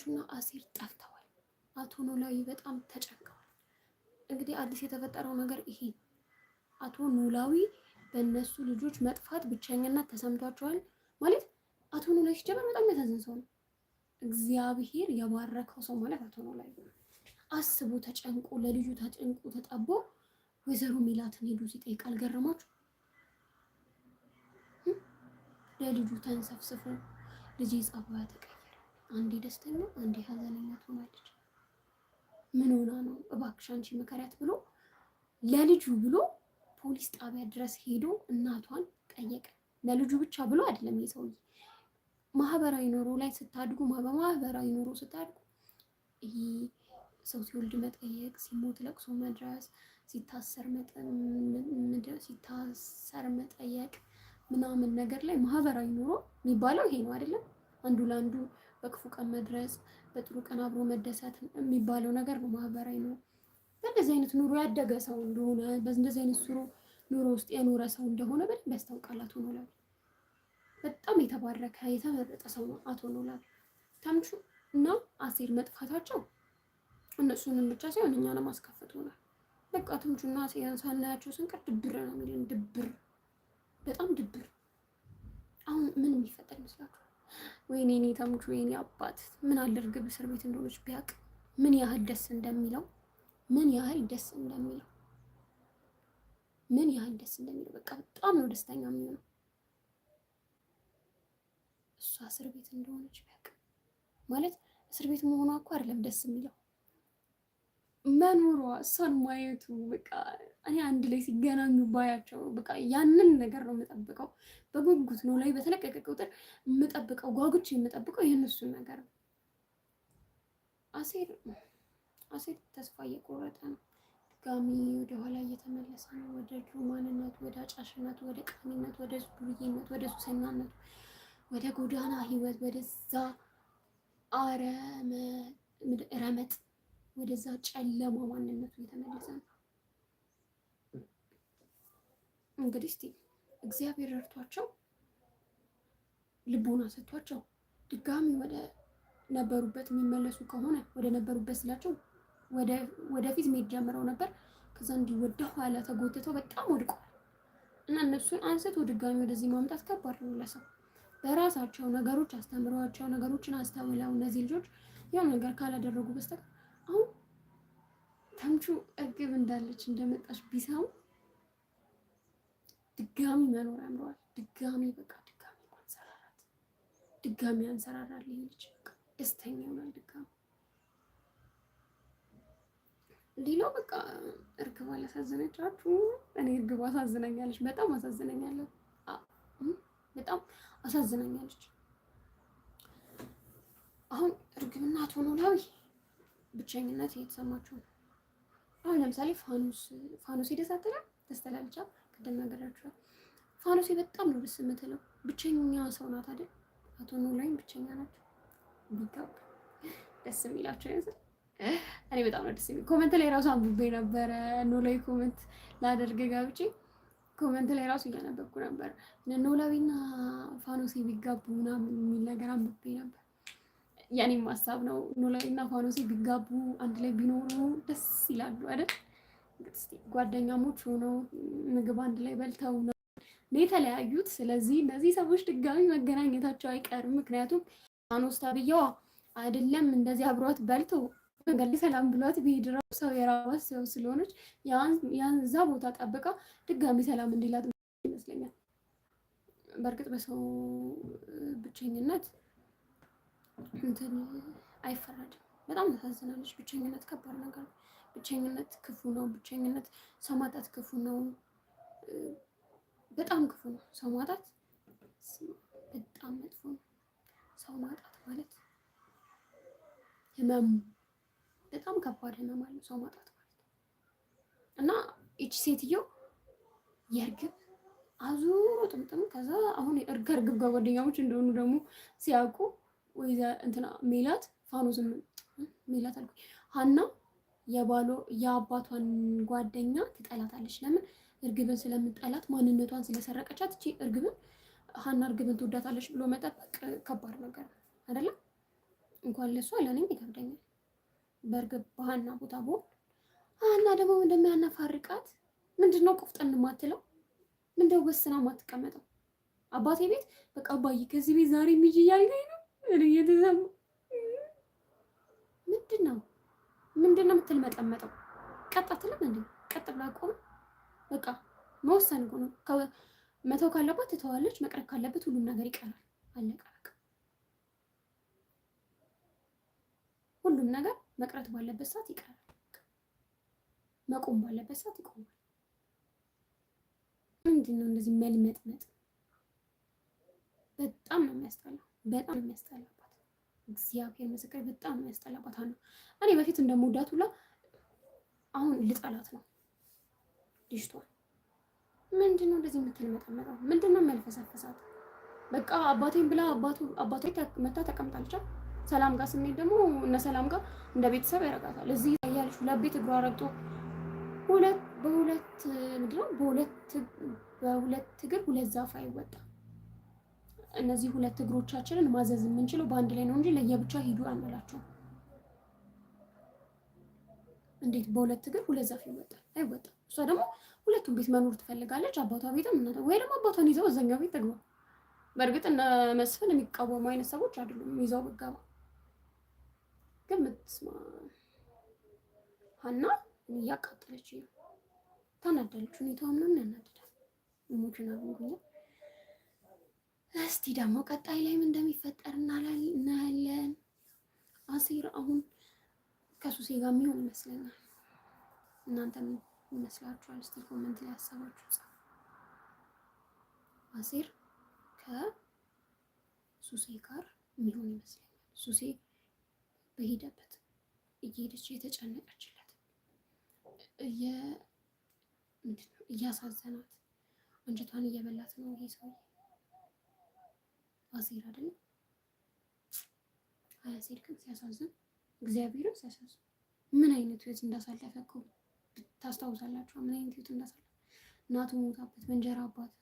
ተምቹና አሲር ጠፍተዋል። አቶ ኖላዊ በጣም ተጨንቀዋል። እንግዲህ አዲስ የተፈጠረው ነገር ይሄ ነው። አቶ ኖላዊ በእነሱ ልጆች መጥፋት ብቸኝነት ተሰምቷቸዋል። ማለት አቶ ኖላዊ ሲጀመር በጣም ያሳዝን ሰው ነው። እግዚአብሔር የባረከው ሰው ማለት አቶ ኖላዊ አስቡ። ተጨንቆ ለልጁ ተጨንቆ ተጠቦ ወይዘሮ ሚላትን ሄዱ ሲጠይቅ አልገረማችሁ? ለልጁ ተንሰፍስፎ ልጄ ጸባዩ አንዴ ደስተኛ አንዴ ሀዘነኛ ትሆናለች። ምን ሆና ነው እባክሽ አንቺ ምከሪያት ብሎ ለልጁ ብሎ ፖሊስ ጣቢያ ድረስ ሄዶ እናቷን ጠየቀ። ለልጁ ብቻ ብሎ አይደለም የሰውዬ ማህበራዊ ኑሮ ላይ ስታድጉ በማህበራዊ ኑሮ ስታድጉ ይሄ ሰው ሲወልድ መጠየቅ፣ ሲሞት ለቅሶ መድረስ፣ ሲታሰር መጠየቅ ምናምን ነገር ላይ ማህበራዊ ኑሮ የሚባለው ይሄ ነው አይደለም አንዱ ለአንዱ በክፉ ቀን መድረስ፣ በጥሩ ቀን አብሮ መደሰት የሚባለው ነገር ነው ማህበራዊ ኑሮ። በእንደዚህ አይነት ኑሮ ያደገ ሰው እንደሆነ በእንደዚህ አይነት ስሩ ኑሮ ውስጥ የኖረ ሰው እንደሆነ በደንብ ያስታውቃል። አቶ ኖላዊ በጣም የተባረከ የተመረጠ ሰው ነው። አቶ ኖላዊ ተምቹ እና አሴር መጥፋታቸው እነሱንም ብቻ ሳይሆን እኛንም አስከፍቶናል። በቃ እና አሴር ሳናያቸው ስንቀር ድብር ነው የሚለን። ድብር በጣም ድብር። አሁን ምን የሚፈጠር ይመስላችኋል? ወይኔ ኔ ተምቹ ወይኔ አባት ምን አለ እስር ቤት እንደሆነች ቢያቅ? ምን ያህል ደስ እንደሚለው ምን ያህል ደስ እንደሚለው ምን ያህል ደስ እንደሚለው በቃ በጣም ነው ደስተኛ የሚሆነው እሷ እስር ቤት እንደሆነች ቢያቅ ማለት እስር ቤት መሆኗ እኮ አይደለም ደስ የሚለው መኖሯ እሷን ማየቱ በቃ እኔ አንድ ላይ ሲገናኙ ባያቸው በቃ ያንን ነገር ነው የምጠብቀው። በጉጉት ነው ላይ በተለቀቀ ቁጥር የምጠብቀው ጓጉች የምጠብቀው የእነሱን ነገር ነው። አሴር አሴር ተስፋ እየቆረጠ ነው። ድጋሚ ወደኋላ እየተመለሰ ነው። ወደ ድሮ ማንነቱ፣ ወደ አጫሽነቱ፣ ወደ ቃሚነቱ፣ ወደ ዱርዬነቱ፣ ወደ ሱሰኛነቱ፣ ወደ ጎዳና ህይወት፣ ወደዛ ረመጥ ወደዛ ጨለማ ማንነቱ የተመለሰ ነው። እንግዲህ እስቲ እግዚአብሔር ረድቷቸው ልቦና ሰጥቷቸው ድጋሚ ወደ ነበሩበት የሚመለሱ ከሆነ ወደ ነበሩበት ስላቸው ወደፊት መሄድ ጀምረው ነበር። ከዛ እንዲህ ወደ ኋላ ተጎትተው በጣም ወድቀዋል እና እነሱን አንስቶ ድጋሚ ወደዚህ ማምጣት ከባድ ነው ለሰው። በራሳቸው ነገሮች አስተምረዋቸው ነገሮችን አስተውለው እነዚህ ልጆች ያው ነገር ካላደረጉ በስተቀር አሁን ተምቹ እርግብ እንዳለች እንደመጣች ቢሰሙ ድጋሚ መኖር ያምረዋል። ድጋሚ በቃ ድጋሚ ድጋሚ ደስተኛ ይሆናል ድጋሚ። ሌላው በቃ እርግብ አላሳዘነቻችሁ? እኔ እርግብ አሳዝነኛለች፣ በጣም አሳዝነኛለች፣ በጣም አሳዝነኛለች። አሁን ብቸኝነት እየተሰማችሁ ነው። አሁን ለምሳሌ ፋኖስ ፋኖሴ ደስ አትልም ተስተላልቻ ቅድም ነገራችኋል። ፋኖሴ በጣም ነው ደስ የምትለው። ብቸኛ ሰው ናት አይደል? አቶ ኖላዊም ብቸኛ ናት። ቢጋብ ደስ የሚላቸው ይመስል እኔ በጣም ነው ደስ የሚል ኮመንት ላይ ራሱ አንብቤ ነበረ። ኖላዊ ኮመንት ላደርግ ጋብቼ ኮመንት ላይ ራሱ እያነበብኩ ነበር። ኖላዊና ፋኖሴ ቢጋቡ ምናምን የሚል ነገር አንብቤ ነበር። የኔም ሀሳብ ነው። ኖላዊ እና ፋኖሲ ቢጋቡ አንድ ላይ ቢኖሩ ደስ ይላሉ አይደል? ጓደኛሞች ሆነው ምግብ አንድ ላይ በልተው ነው የተለያዩት። ስለዚህ እነዚህ ሰዎች ድጋሚ መገናኘታቸው አይቀርም። ምክንያቱም ፋኖስ ታብያዋ አይደለም እንደዚህ አብሯት በልቶ መንገድ ሰላም ብሏት ብሄድ እራሱ ሰው የራሷ ሰው ስለሆነች ያንዛ ቦታ ጠብቃ ድጋሚ ሰላም እንዲላት ይመስለኛል። በእርግጥ በሰው ብቸኝነት እንትን አይፈረድም። በጣም ታሳዝናለች። ብቸኝነት ከባድ ነገር፣ ብቸኝነት ክፉ ነው። ብቸኝነት ሰው ማጣት ክፉ ነው። በጣም ክፉ ነው። ሰው ማጣት በጣም መጥፎ ነው። ሰው ማጣት ማለት ህመሙ በጣም ከባድ ህመም አለው ሰው ማጣት ማለት እና ይቺ ሴትዮ የእርግብ አዙሮ ጥምጥም ከዛ አሁን እርግ እርግብ ጋር ጓደኛሞች እንደሆኑ ደግሞ ሲያውቁ ወይዘ እንትና ሜላት ፋኖዝም ሜላት አልኩኝ ሀና የባሎ የአባቷን ጓደኛ ትጠላታለች። ለምን? እርግብን ስለምጠላት ማንነቷን ስለሰረቀቻት እቺ እርግብን ሀና እርግብን ትወዳታለች ብሎ መጠበቅ ከባድ ነገር ነው አይደለ? እንኳን ለሷ ለእኔም ይከብደኛል። በእርግብ በሀና ቦታ ሀና ደግሞ እንደሚያናፋርቃት ምንድን ነው ማትለው ምንደው ወስና ማትቀመጠው አባቴ ቤት በቃ አባዬ ከዚህ ቤት ዛሬ ነው እየተሰሙ ምንድን ነው ምንድን ነው የምትልመጠመጠው? ቀጥ አትልም እንዴ? ቀጥ ብላ ቆም። በቃ መወሰን እኮ ነው። መተው ካለባት ትተዋለች፣ ካለበት ሁሉም ነገር ይቀራል። አለቀ በቃ። ሁሉም ነገር መቅረት ባለበት ሰዓት ይቀራል፣ መቆም ባለበት ሰዓት ይቆማል። ምንድን ነው እንደዚህ መልመጥመጥ? በጣም ነው የሚያስጠላው። በጣም የሚያስጠላባት እግዚአብሔር ምስክር በጣም የሚያስጠላባት አሉ። እኔ በፊት እንደምወዳት ሁላ አሁን ልጠላት ነው ልጅቷን። ምንድን ነው እንደዚህ የምትልመጠመጠው? ምንድን ነው የሚያልፈሰፈሳት? በቃ አባቴን ብላ አባቱ መታ ተቀምጣልቻ ሰላም ጋር ስንሄድ ደግሞ እነ ሰላም ጋር እንደ ቤተሰብ ያረጋታል። እዚህ ያለች ሁለት ቤት እግሯ ረግጦ ሁለት በሁለት ምንድነው በሁለት በሁለት እግር ሁለት ዛፍ አይወጣም። እነዚህ ሁለት እግሮቻችንን ማዘዝ የምንችለው በአንድ ላይ ነው እንጂ ለየብቻ ሂዱ አንላችሁም። እንዴት በሁለት እግር ሁለት ዛፍ ይወጣል? አይወጣም። እሷ ደግሞ ሁለቱም ቤት መኖር ትፈልጋለች። አባቷ ቤትም እና ወይ ደግሞ አባቷን ይዘው እዛኛው ቤት ተግባ። በእርግጥ እነ መስፍን የሚቃወሙ አይነት ሰዎች አይደሉም። ይዘው ብገባ ግን ምትስማ ሀና እያቃጠለች ነው። ታናደለች። ሁኔታው ምናምን ያናድዳል። ኢሞሽናል ነው እስቲ ደግሞ ቀጣይ ላይም እንደሚፈጠር እናያለን። አሴር አሁን ከሱሴ ጋር የሚሆን ይመስለኛል። እናንተ ምን ይመስላችኋል? እስቲ ኮመንት ላይ ሀሳባችሁ አሴር ከሱሴ ጋር የሚሆን ይመስለኛል። ሱሴ በሄደበት እየሄደች እየተጨነቀችለት እየ ምንድን ነው እያሳዘናት አንጀቷን እየበላት ነው ይሄ ሰው አሴር አይደለም አያሴር ግን ሲያሳዝን እግዚአብሔርን ሲያሳዝን ምን አይነት ህይወት እንዳሳለፈ እኮ ታስታውሳላችሁ? ምን አይነት ህይወት እንዳሳለፈ እናቱ ሞታበት በእንጀራ አባት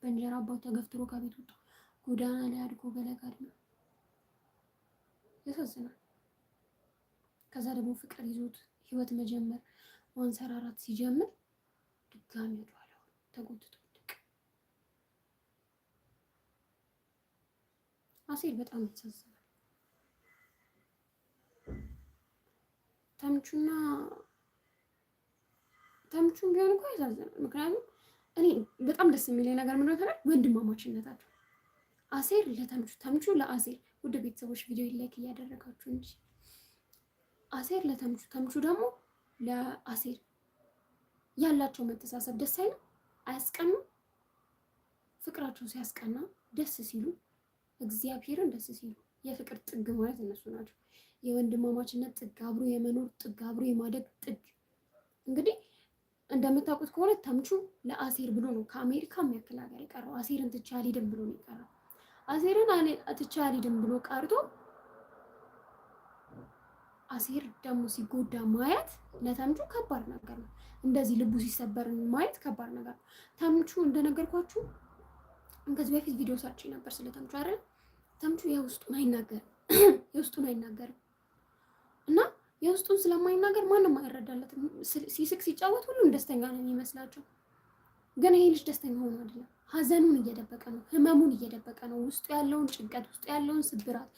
በእንጀራ አባት ተገፍትሮ ከቤት ወጥቶ ጎዳና ላይ አድጎ በለጋ እድሜው ያሳዝናል። ከዛ ደግሞ ፍቅር ይዞት ህይወት መጀመር ማንሰራራት ሲጀምር ድጋሚ ወደኋላ ተጎትቶ አሴር በጣም ያሳዝናል። ተምቹና ተምቹን ቢሆን እኮ ያሳዝናል። ምክንያቱም እኔ በጣም ደስ የሚለኝ ነገር ምንድነው ተላል ወንድማማችነታቸው አሴር ለተምቹ ተምቹ ለአሴር ውድ ቤተሰቦች ቪዲዮ ላይክ እያደረጋችሁ እንጂ አሴር ለተምቹ ተምቹ ደግሞ ለአሴር ያላቸው መተሳሰብ ደስ አይልም? አያስቀናም? ፍቅራቸው ሲያስቀና ደስ ሲሉ እግዚአብሔርን ደስ ሲሉ የፍቅር ጥግ ማለት እነሱ ናቸው። የወንድማማችነት ጥግ፣ አብሮ የመኖር ጥግ፣ አብሮ የማደግ ጥግ። እንግዲህ እንደምታውቁት ከሆነ ተምቹ ለአሴር ብሎ ነው ከአሜሪካ የሚያክል ሀገር የቀረው። አሴርን ትቼ አልሄድም ብሎ ነው የቀረው። አሴርን ትቼ አልሄድም ብሎ ቀርቶ አሴር ደግሞ ሲጎዳ ማየት ለተምቹ ከባድ ነገር ነው። እንደዚህ ልቡ ሲሰበር ማየት ከባድ ነገር ነው። ተምቹ እንደነገርኳችሁ ከዚህ በፊት ቪዲዮ ሰርቼ ነበር ስለ ተምቹ አይደል ተምቹ የውስጡን አይናገርም የውስጡን አይናገርም እና የውስጡን ስለማይናገር ማንም አይረዳለትም። ሲስቅ ሲጫወት ሁሉም ደስተኛ ነው የሚመስላቸው፣ ግን ይሄ ልጅ ደስተኛ ሆኖ አይደለም። ሀዘኑን እየደበቀ ነው፣ ህመሙን እየደበቀ ነው። ውስጡ ያለውን ጭንቀት፣ ውስጡ ያለውን ስብራት፣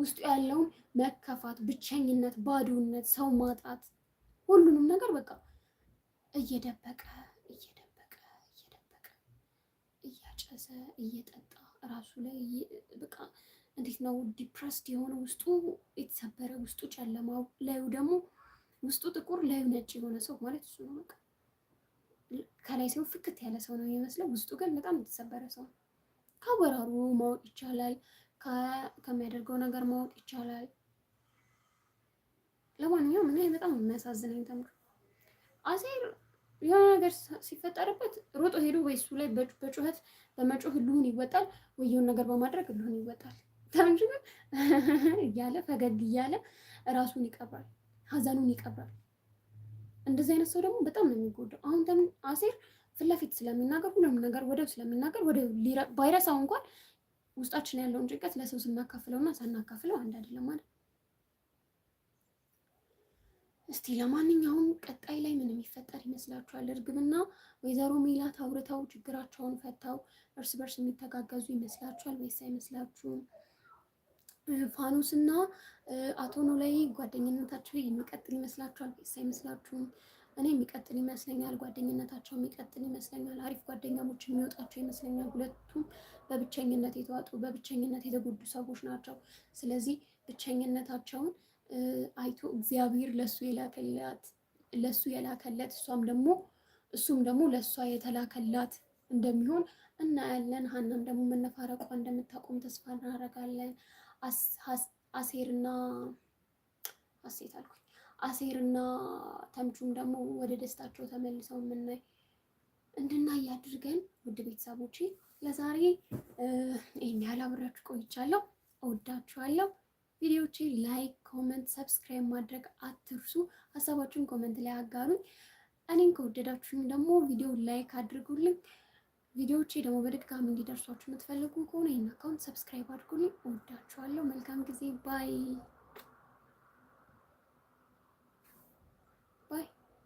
ውስጡ ያለውን መከፋት፣ ብቸኝነት፣ ባዶነት፣ ሰው ማጣት፣ ሁሉንም ነገር በቃ እየደበቀ እየደበቀ እየደበቀ እያጨሰ እየጠጣ ራሱ ላይ በቃ እንዴት ነው ዲፕረስድ የሆነ ውስጡ የተሰበረ ውስጡ ጨለማው ላዩ ደግሞ ውስጡ ጥቁር ላዩ ነጭ የሆነ ሰው ማለት እሱ ነው። በቃ ከላይ ሰው ፍክት ያለ ሰው ነው የሚመስለው፣ ውስጡ ግን በጣም የተሰበረ ሰው ነው። ከአወራሩ ማወቅ ይቻላል። ከሚያደርገው ነገር ማወቅ ይቻላል። ለማንኛውም እኔ በጣም የሚያሳዝነኝ ተምር አሴር የሆነ ነገር ሲፈጠርበት ሮጦ ሄዶ ወይ እሱ ላይ በጩኸት በመጮህ ልሁን ይወጣል፣ ወይ የሆነ ነገር በማድረግ ልሁን ይወጣል። ተምቹ እያለ ፈገግ እያለ ራሱን ይቀብራል፣ ሀዘኑን ይቀብራል። እንደዚህ አይነት ሰው ደግሞ በጣም ነው የሚጎዳው። አሁን ደግሞ አሴር ፊት ለፊት ስለሚናገር ሁሉም ነገር ወደው ስለሚናገር ወደው ቫይረሳው እንኳን ውስጣችን ያለውን ጭንቀት ለሰው ስናካፍለው እና ሳናካፍለው አንድ አይደለም ማለት እስቲ ለማንኛውም ቀጣይ ላይ ምን የሚፈጠር ይመስላችኋል? እርግብና ወይዘሮ ሜላት አውርተው ችግራቸውን ፈተው እርስ በርስ የሚተጋገዙ ይመስላችኋል ወይስ አይመስላችሁም? ፋኖስ እና አቶ ኖላዊ ጓደኝነታቸው የሚቀጥል ይመስላችኋል ወይስ አይመስላችሁም? እኔ የሚቀጥል ይመስለኛል። ጓደኝነታቸው የሚቀጥል ይመስለኛል። አሪፍ ጓደኛሞች የሚወጣቸው ይመስለኛል። ሁለቱም በብቸኝነት የተዋጡ በብቸኝነት የተጎዱ ሰዎች ናቸው። ስለዚህ ብቸኝነታቸውን አይቶ እግዚአብሔር ለሱ የላከላት ለሱ የላከለት እሷም ደግሞ እሱም ደግሞ ለእሷ የተላከላት እንደሚሆን እናያለን። ሀናም ደግሞ መነፋረቋ እንደምታቆም ተስፋ እናደርጋለን። አሴርና አሴት አልኩኝ አሴርና ተምቹም ደግሞ ወደ ደስታቸው ተመልሰው የምናይ እንድናይ ያድርገን። ውድ ቤተሰቦቼ ለዛሬ ይህን ያህል አብሬያችሁ ቆይቻለሁ። እወዳችኋለሁ። ቪዲዮቼ ላይክ፣ ኮመንት፣ ሰብስክራይብ ማድረግ አትርሱ። ሀሳባችሁን ኮመንት ላይ አጋሩኝ። እኔም ከወደዳችሁኝ ደግሞ ቪዲዮ ላይክ አድርጉልኝ። ቪዲዮዎቼ ደግሞ በድጋሚ እንዲደርሷችሁ የምትፈልጉ ከሆነ ይህን አካውንት ሰብስክራይብ አድርጉልኝ። እወዳችኋለሁ። መልካም ጊዜ ባይ